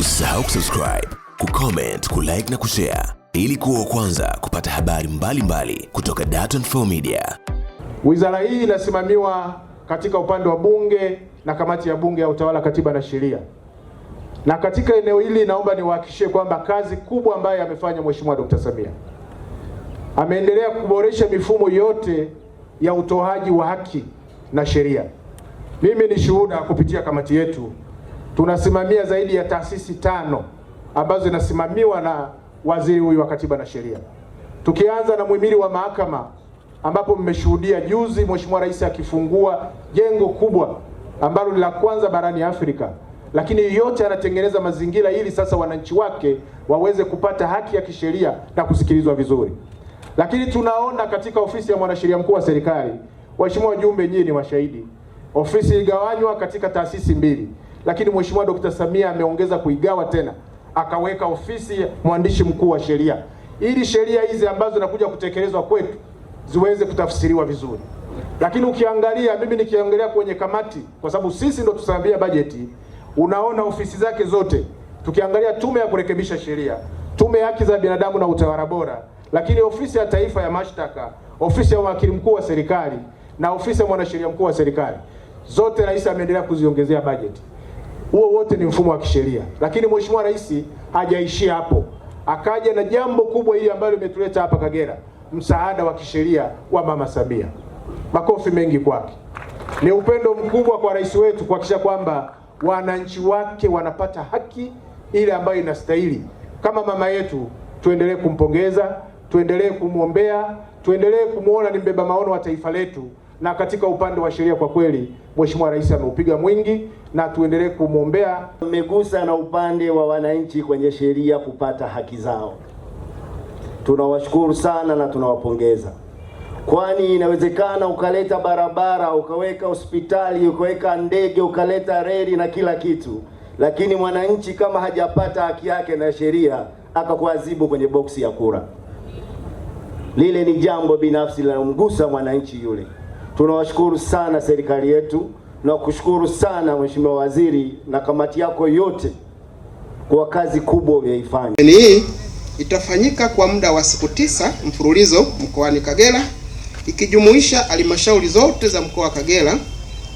Usisahau kusubscribe, kucomment, kulike na kushare ili kuwa kwanza kupata habari mbalimbali mbali kutoka Dar24 Media. Wizara hii inasimamiwa katika upande wa Bunge na kamati ya Bunge ya Utawala, Katiba na Sheria, na katika eneo hili naomba niwahakishie kwamba kazi kubwa ambayo amefanya Mheshimiwa Dr. Samia ameendelea kuboresha mifumo yote ya utoaji wa haki na sheria. Mimi ni shuhuda kupitia kamati yetu tunasimamia zaidi ya taasisi tano ambazo zinasimamiwa na waziri huyu wa Katiba na Sheria, tukianza na muhimili wa mahakama ambapo mmeshuhudia juzi Mheshimiwa Rais akifungua jengo kubwa ambalo ni la kwanza barani Afrika, lakini yote anatengeneza mazingira ili sasa wananchi wake waweze kupata haki ya kisheria na kusikilizwa vizuri. Lakini tunaona katika ofisi ya mwanasheria mkuu wa serikali, waheshimiwa wajumbe, nyinyi ni washahidi, ofisi iligawanywa katika taasisi mbili lakini Mheshimiwa Dkt. Samia ameongeza kuigawa tena, akaweka ofisi ya mwandishi mkuu wa sheria ili sheria hizi ambazo zinakuja kutekelezwa kwetu ziweze kutafsiriwa vizuri. Lakini ukiangalia, mimi nikiongelea kwenye kamati, kwa sababu sisi ndo tusambia bajeti, unaona ofisi zake zote, tukiangalia tume ya kurekebisha sheria, tume ya haki za binadamu na utawala bora, lakini ofisi ya taifa ya mashtaka, ofisi ya wakili mkuu wa serikali na ofisi ya mwanasheria mkuu wa serikali, zote rais ameendelea kuziongezea bajeti. Huo wote ni mfumo wa kisheria, lakini Mheshimiwa Rais hajaishia hapo, akaja na jambo kubwa hili ambalo limetuleta hapa Kagera, msaada wa kisheria wa Mama Samia. Makofi mengi kwake. Ni upendo mkubwa kwa rais wetu kuhakikisha kwamba wananchi wake wanapata haki ile ambayo inastahili. Kama mama yetu, tuendelee kumpongeza, tuendelee kumwombea, tuendelee kumwona ni mbeba maono wa taifa letu na katika upande wa sheria kwa kweli Mheshimiwa Rais ameupiga mwingi na tuendelee kumwombea. Mmegusa na upande wa wananchi kwenye sheria kupata haki zao, tunawashukuru sana na tunawapongeza, kwani inawezekana ukaleta barabara, ukaweka hospitali, ukaweka ndege, ukaleta reli na kila kitu, lakini mwananchi kama hajapata haki yake na sheria akakuadhibu kwenye boksi ya kura, lile ni jambo binafsi linalomgusa mwananchi yule. Tunawashukuru sana serikali yetu na kushukuru sana Mheshimiwa Waziri na kamati yako yote kwa kazi kubwa uliyoifanya. Hii itafanyika kwa muda wa siku tisa mfululizo mkoani Kagera ikijumuisha halmashauri zote za mkoa wa Kagera,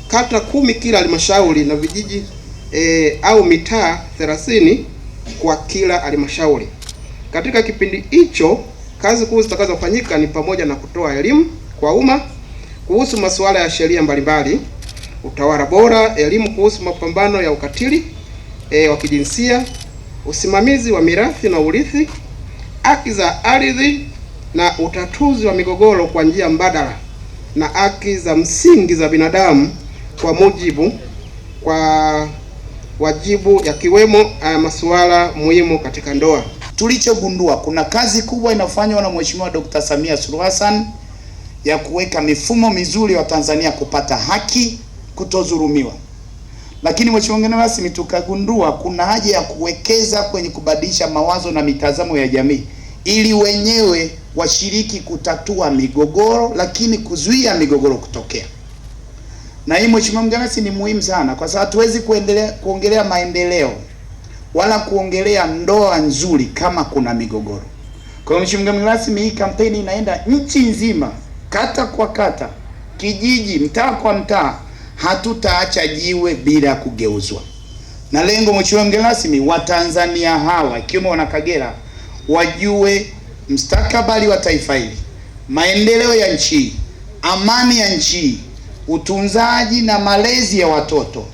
kata kumi kila halmashauri na vijiji e, au mitaa 30 kwa kila halmashauri. Katika kipindi hicho kazi kuu zitakazofanyika ni pamoja na kutoa elimu kwa umma kuhusu masuala ya sheria mbalimbali, utawala bora, elimu kuhusu mapambano ya ukatili e, wa kijinsia, usimamizi wa mirathi na urithi, haki za ardhi na utatuzi wa migogoro kwa njia mbadala na haki za msingi za binadamu kwa mujibu kwa wajibu yakiwemo e, masuala muhimu katika ndoa. Tulichogundua kuna kazi kubwa inafanywa na Mheshimiwa Dr. Samia Suluhu Hassan ya kuweka mifumo mizuri wa Tanzania kupata haki, kutodhulumiwa. Lakini mheshimiwa mgeni rasmi, tukagundua kuna haja ya kuwekeza kwenye kubadilisha mawazo na mitazamo ya jamii ili wenyewe washiriki kutatua migogoro, lakini kuzuia migogoro kutokea. Na hii mheshimiwa mgeni rasmi ni muhimu sana, kwa sababu hatuwezi kuendelea kuongelea maendeleo wala kuongelea ndoa nzuri kama kuna migogoro. Kwa hiyo mheshimiwa mgeni rasmi, hii kampeni inaenda nchi nzima kata kwa kata, kijiji, mtaa kwa mtaa, hatutaacha jiwe bila kugeuzwa, na lengo, mheshimiwa mgeni rasmi, watanzania hawa ikiwemo wana Kagera wajue mstakabali wa taifa hili, maendeleo ya nchi, amani ya nchi, utunzaji na malezi ya watoto,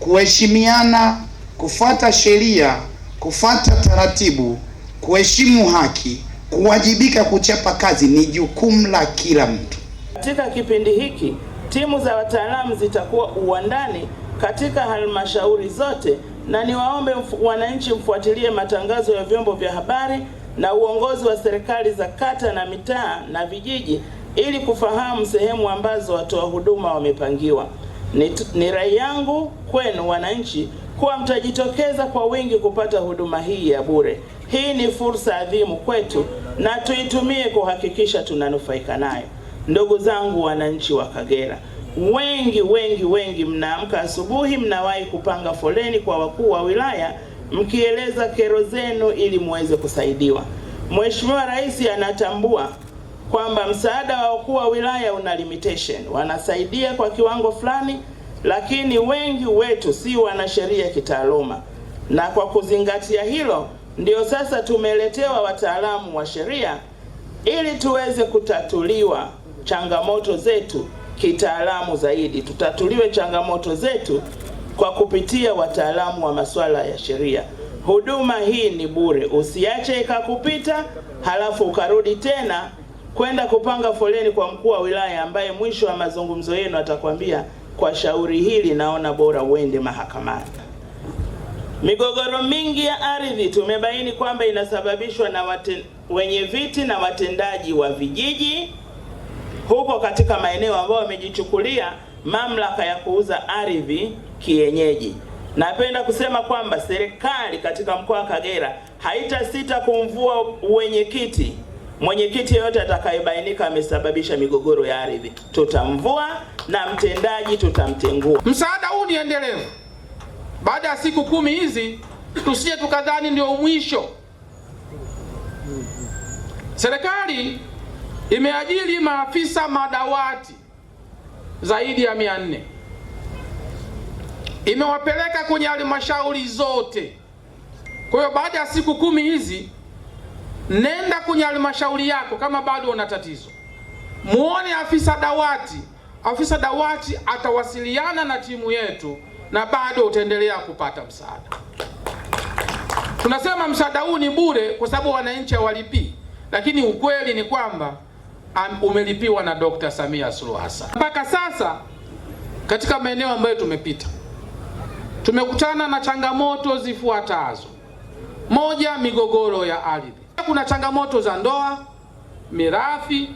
kuheshimiana, kufuata sheria, kufuata taratibu, kuheshimu haki Kuwajibika kuchapa kazi ni jukumu la kila mtu. Katika kipindi hiki timu za wataalamu zitakuwa uwandani katika halmashauri zote, na niwaombe mf wananchi mfuatilie matangazo ya vyombo vya habari na uongozi wa serikali za kata na mitaa na vijiji ili kufahamu sehemu ambazo watoa huduma wamepangiwa. Ni, ni rai yangu kwenu wananchi kuwa mtajitokeza kwa wingi kupata huduma hii ya bure. Hii ni fursa adhimu kwetu na tuitumie kuhakikisha tunanufaika nayo. Ndugu zangu wananchi wa Kagera, wengi wengi wengi mnaamka asubuhi, mnawahi kupanga foleni kwa wakuu wa wilaya mkieleza kero zenu ili muweze kusaidiwa. Mheshimiwa Rais anatambua kwamba msaada wa wakuu wa wilaya una limitation, wanasaidia kwa kiwango fulani, lakini wengi wetu si wanasheria kitaaluma, na kwa kuzingatia hilo Ndiyo sasa tumeletewa wataalamu wa sheria ili tuweze kutatuliwa changamoto zetu kitaalamu zaidi. Tutatuliwe changamoto zetu kwa kupitia wataalamu wa masuala ya sheria. Huduma hii ni bure, usiache ikakupita halafu ukarudi tena kwenda kupanga foleni kwa mkuu wa wilaya, ambaye mwisho wa mazungumzo yenu atakwambia kwa shauri hili naona bora uende mahakamani. Migogoro mingi ya ardhi tumebaini kwamba inasababishwa na waten, wenye viti na watendaji wa vijiji huko katika maeneo ambayo wamejichukulia mamlaka ya kuuza ardhi kienyeji. Napenda kusema kwamba serikali katika mkoa wa Kagera haitasita kumvua mwenyekiti mwenyekiti yeyote atakayebainika amesababisha migogoro ya ardhi, tutamvua na mtendaji tutamtengua. Msaada huu ni endelevu. Baada ya siku kumi hizi tusije tukadhani ndio mwisho. Serikali imeajiri maafisa madawati zaidi ya mia nne imewapeleka kwenye halmashauri zote. Kwa hiyo baada ya siku kumi hizi, nenda kwenye halmashauri yako, kama bado una tatizo, muone afisa dawati. Afisa dawati atawasiliana na timu yetu na bado utaendelea kupata msaada. Tunasema msaada huu ni bure kwa sababu wananchi hawalipii, lakini ukweli ni kwamba umelipiwa na Dr. Samia Suluhu Hassan. Mpaka sasa katika maeneo ambayo tumepita tumekutana na changamoto zifuatazo: moja, migogoro ya ardhi. Kuna changamoto za ndoa, mirathi,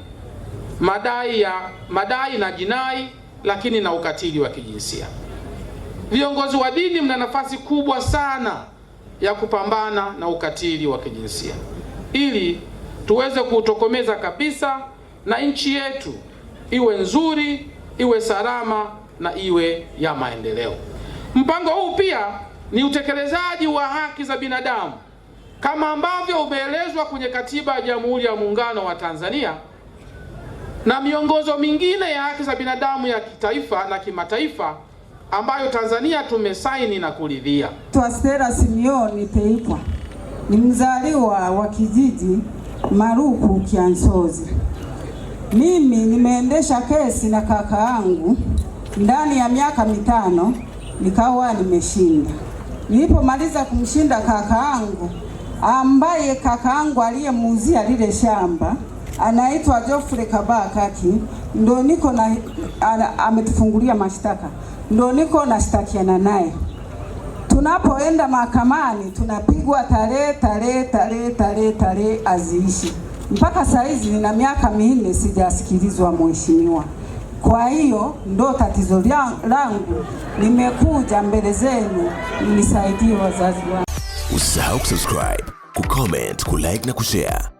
madai ya madai na jinai, lakini na ukatili wa kijinsia. Viongozi wa dini, mna nafasi kubwa sana ya kupambana na ukatili wa kijinsia ili tuweze kuutokomeza kabisa na nchi yetu iwe nzuri, iwe salama na iwe ya maendeleo. Mpango huu pia ni utekelezaji wa haki za binadamu kama ambavyo umeelezwa kwenye Katiba ya Jamhuri ya Muungano wa Tanzania na miongozo mingine ya haki za binadamu ya kitaifa na kimataifa ambayo Tanzania tumesaini na kuridhia. Twastera Simioni Peipwa ni mzaliwa wa kijiji Maruku Kiansozi. Mimi nimeendesha kesi na kaka yangu ndani ya miaka mitano, nikawa nimeshinda. Nilipomaliza kumshinda kaka yangu ambaye kaka yangu aliyemuuzia lile shamba anaitwa Geoffrey Kabaa Kaki, ndo niko na ametufungulia mashtaka, ndo niko nashtakiana naye. Tunapoenda mahakamani tunapigwa tarehe tarehe tarehe tarehe tarehe aziishi mpaka saa hizi nina miaka minne sijasikilizwa mheshimiwa. Kwa hiyo ndo tatizo langu, nimekuja mbele zenu nisaidie wazazi wangu. Usisahau kusubscribe, kucomment, kulike na kushare